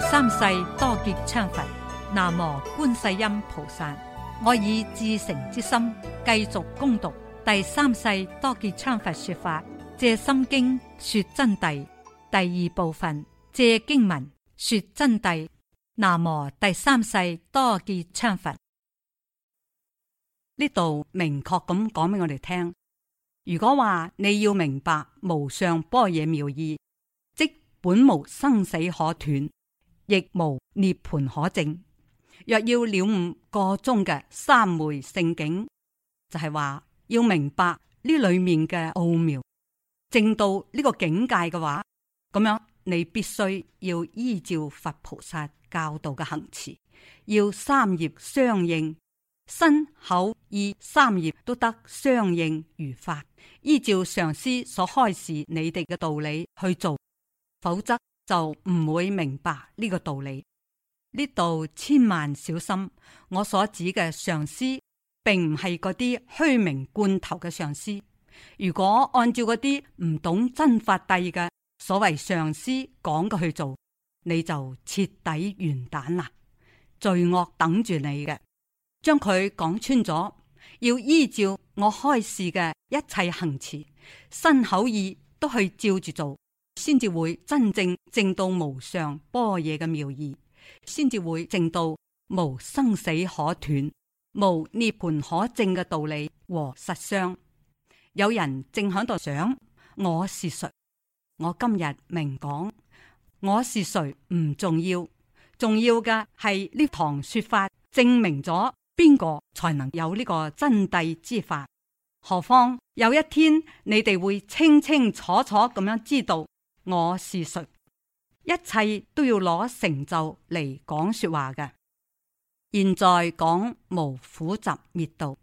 第三世多杰羌佛，南無觀世音菩薩。我以至誠之心繼續攻讀第三世多杰羌佛說法，借心經說真諦第二部分，借經文說真諦。南無第三世多杰羌佛。呢度明確咁講俾我哋聽，如果話你要明白無上般若妙意，即本無生死可斷，亦無涅槃可證。若要了悟個中嘅三昧聖境，就係、是、話要明白呢裏面嘅奧妙。證到呢個境界嘅話，咁樣你必須要依照佛菩薩教導嘅行持，要三業相應，身、口、意三業都得相應如法，依照上師所開示你哋嘅道理去做，否則。就唔會明白呢個道理。呢度千萬小心，我所指嘅上司，並唔係嗰啲虛名罐頭嘅上司。如果按照嗰啲唔懂真法諦嘅所謂上司講嘅去做，你就徹底完蛋啦！罪惡等住你嘅，將佢講穿咗，要依照我開示嘅一切行持，身口意都去照住做。先至會真正證到無上般若嘅妙義，先至會證到無生死可斷、無涅槃可證嘅道理和實相。有人正喺度想，我是誰？我今日明講，我是誰唔重要，重要嘅係呢堂說法證明咗邊個才能有呢個真諦之法。何況有一天，你哋會清清楚楚咁樣知道。我是誰？一切都要攞成就嚟講說話嘅。現在講無苦集滅道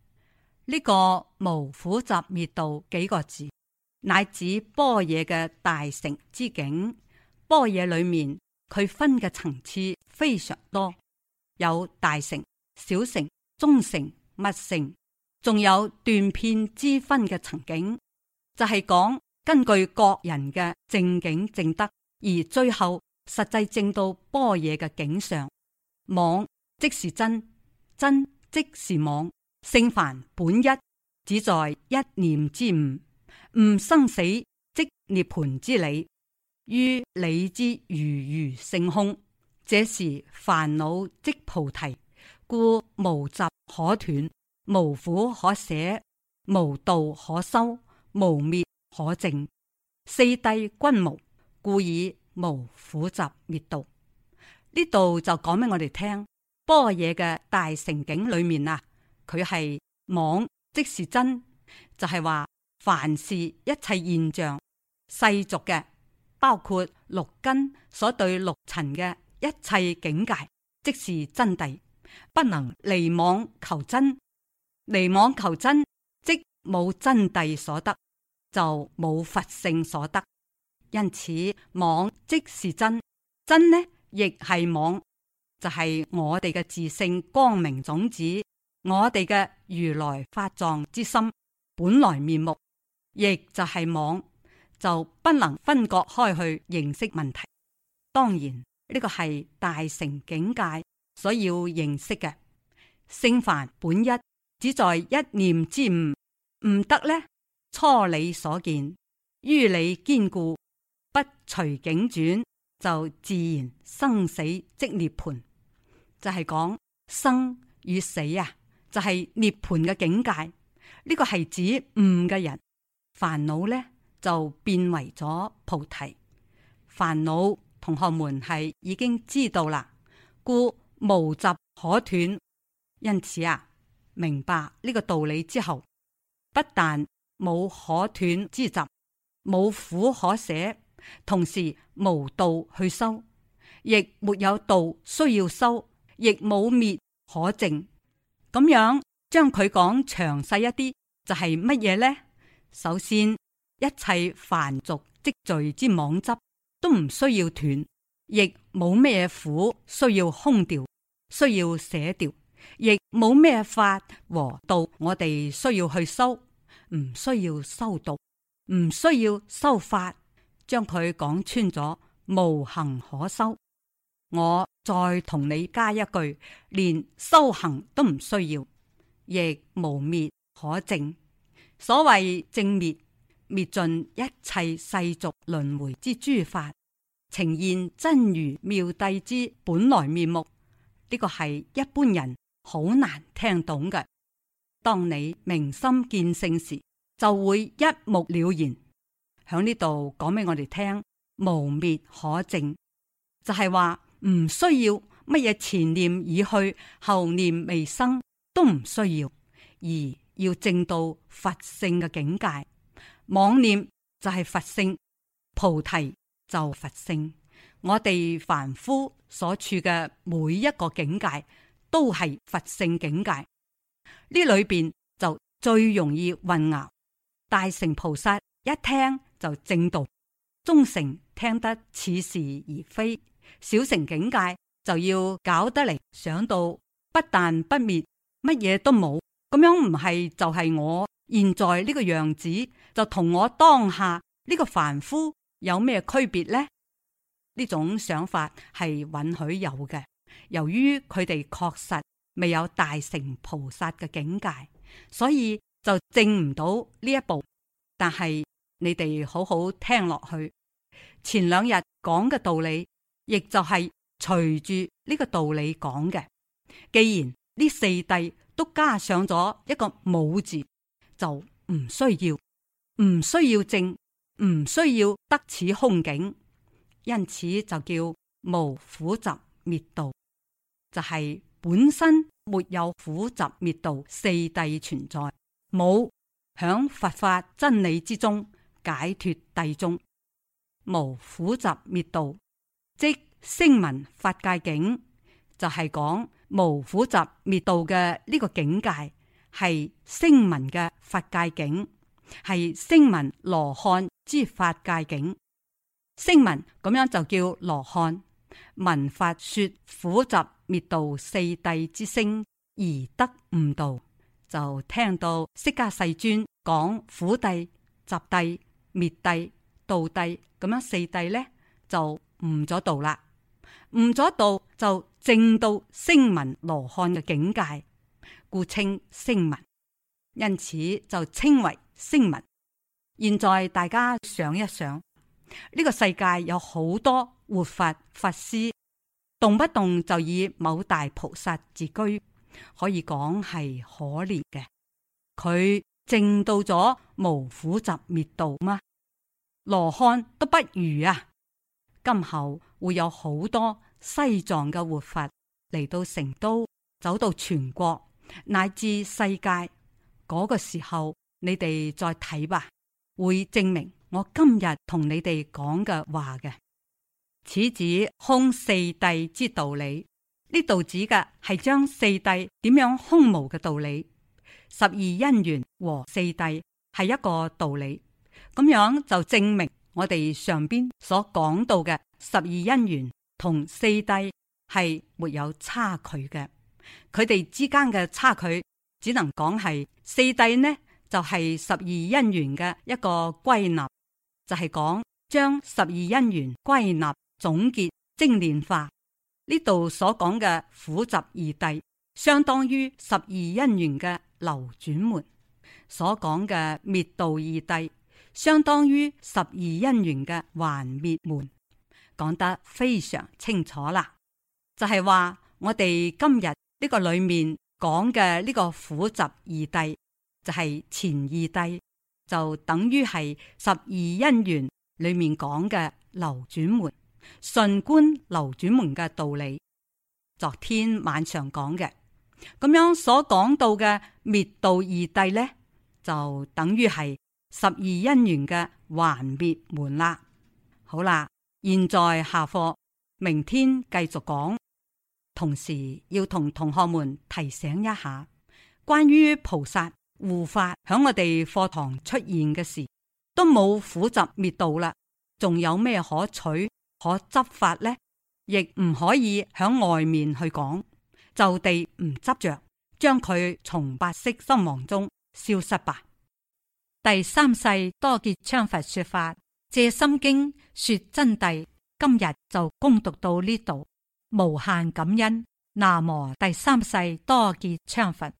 呢個無苦集滅道幾個字，乃指般若嘅大乘之境。般若裏面佢分嘅層次非常多，有大乘、小乘、中乘、密乘，仲有斷片之分嘅層境，就係講。根據各人嘅正境正德，而最後實際正到般若嘅境上，妄即是真，真即是妄，聖凡本一，只在一念之悟，悟生死即涅槃之理，於理之如如性空，這時煩惱即菩提，故無集可斷，無苦可捨，無道可修，無滅。可證四諦均無，故以無苦集滅道。呢度就講俾我哋聽，般若嘅大乘境裏面啊，佢係妄，即是真，就係、是、話凡是一切現象世俗嘅，包括六根所對六塵嘅一切境界，即是真諦。不能離妄求真，離妄求真即冇真諦所得。就冇佛性所得，因此妄即是真，真呢亦係妄，就係、是、我哋嘅自性光明種子，我哋嘅如來法藏之心本來面目，亦就係妄，就不能分割開去認識問題。當然呢個係大乘境界所要認識嘅，聖凡本一，只在一念之悟，唔得呢？初理所見，於理堅固，不隨境轉，就自然生死即涅槃。就係、是、講生與死啊，就係、是、涅槃嘅境界。呢、這個係指悟嘅人，煩惱呢就變為咗菩提。煩惱，同學們係已經知道啦。故無執可斷，因此啊，明白呢個道理之後，不但冇可斷之集，冇苦可捨，同時無道去修，亦沒有道需要修，亦冇滅可證。咁樣將佢講詳細一啲，就係乜嘢呢？首先，一切凡俗積聚之妄執，都唔需要斷，亦冇咩苦需要空掉，需要捨掉，亦冇咩法和道，我哋需要去修。唔需要修道，唔需要修法，將佢講穿咗，無行可修。我再同你加一句，連修行都唔需要，亦無滅可證。所謂正滅，滅盡一切世俗輪迴之諸法，呈現真如妙諦之本來面目。呢個係一般人好難聽懂嘅。當你明心見性時，就會一目了然。喺呢度講俾我哋聽，無滅可證，就係話唔需要乜嘢前念已去，後念未生都唔需要，而要證到佛性嘅境界。妄念就係佛性，菩提就佛性。我哋凡夫所處嘅每一個境界，都係佛性境界。呢裏邊就最容易混淆，大乘菩薩一聽就正道，中乘聽得似是而非，小乘境界就要搞得嚟想到不但不滅，乜嘢都冇，咁樣唔係就係我現在呢個樣子，就同我當下呢個凡夫有咩區別呢？呢種想法係允許有嘅，由於佢哋確實。未有大乘菩薩嘅境界，所以就證唔到呢一步。但係你哋好好聽落去，前兩日講嘅道理，亦就係隨住呢個道理講嘅。既然呢四諦都加上咗一個「無」字，就唔需要，唔需要證，唔需要得此空境，因此就叫無苦集滅道，就係、是。本身沒有苦集滅道四諦存在，冇響佛法真理之中解脫諦中。無苦集滅道，即聲聞法界境，就係、是、講無苦集滅道嘅呢個境界係聲聞嘅法界境，係聲聞羅漢之法界境，聲聞咁樣就叫羅漢。聞法說苦集滅道四諦之聲而得悟道，就聽到釋迦世尊講苦諦、集諦、諦、滅諦、道諦」。咁樣四諦呢，就悟咗道啦。悟咗道就證到聲聞羅漢嘅境界，故稱聲聞，因此就稱為聲聞。現在大家想一想，呢個世界有好多。活佛法師動不動就以某大菩薩自居，可以講係可憐嘅。佢證到咗無苦集滅道嗎？羅漢都不如啊！今後會有好多西藏嘅活佛嚟到成都，走到全國乃至世界嗰個時候，你哋再睇吧，會證明我今日同你哋講嘅話嘅。此指空四諦之道理，呢度指嘅係將四諦點樣空無嘅道理。十二因緣和四諦，係一個道理，咁樣就證明我哋上邊所講到嘅十二因緣同四諦，係沒有差距嘅，佢哋之間嘅差距只能講係四諦呢，就係十二因緣嘅一個歸納，就係講將十二因緣歸納。總結精煉化，呢度所講嘅苦集二諦相當於十二因緣嘅流轉門；所講嘅滅道二諦，相當於十二因緣嘅還滅門。講得非常清楚啦，就係話我哋今日呢個裏面講嘅呢個苦集二諦，就係前二諦，就等於係十二因緣裏面講嘅流轉門。順觀流轉門嘅道理，昨天晚上講嘅咁樣所講到嘅滅道二諦呢，就等於係十二因緣嘅還滅門啦。好啦，現在下課，明天繼續講。同時要同同學們提醒一下，關於菩薩護法響我哋課堂出現嘅事，都冇苦集滅道啦，仲有咩可取？可執法呢，亦唔可以響外面去講，就地唔執着，將佢從白色心亡中消失吧。第三世多杰羌佛說法，借心經說真諦，今日就恭讀到呢度，無限感恩。南無第三世多杰羌佛。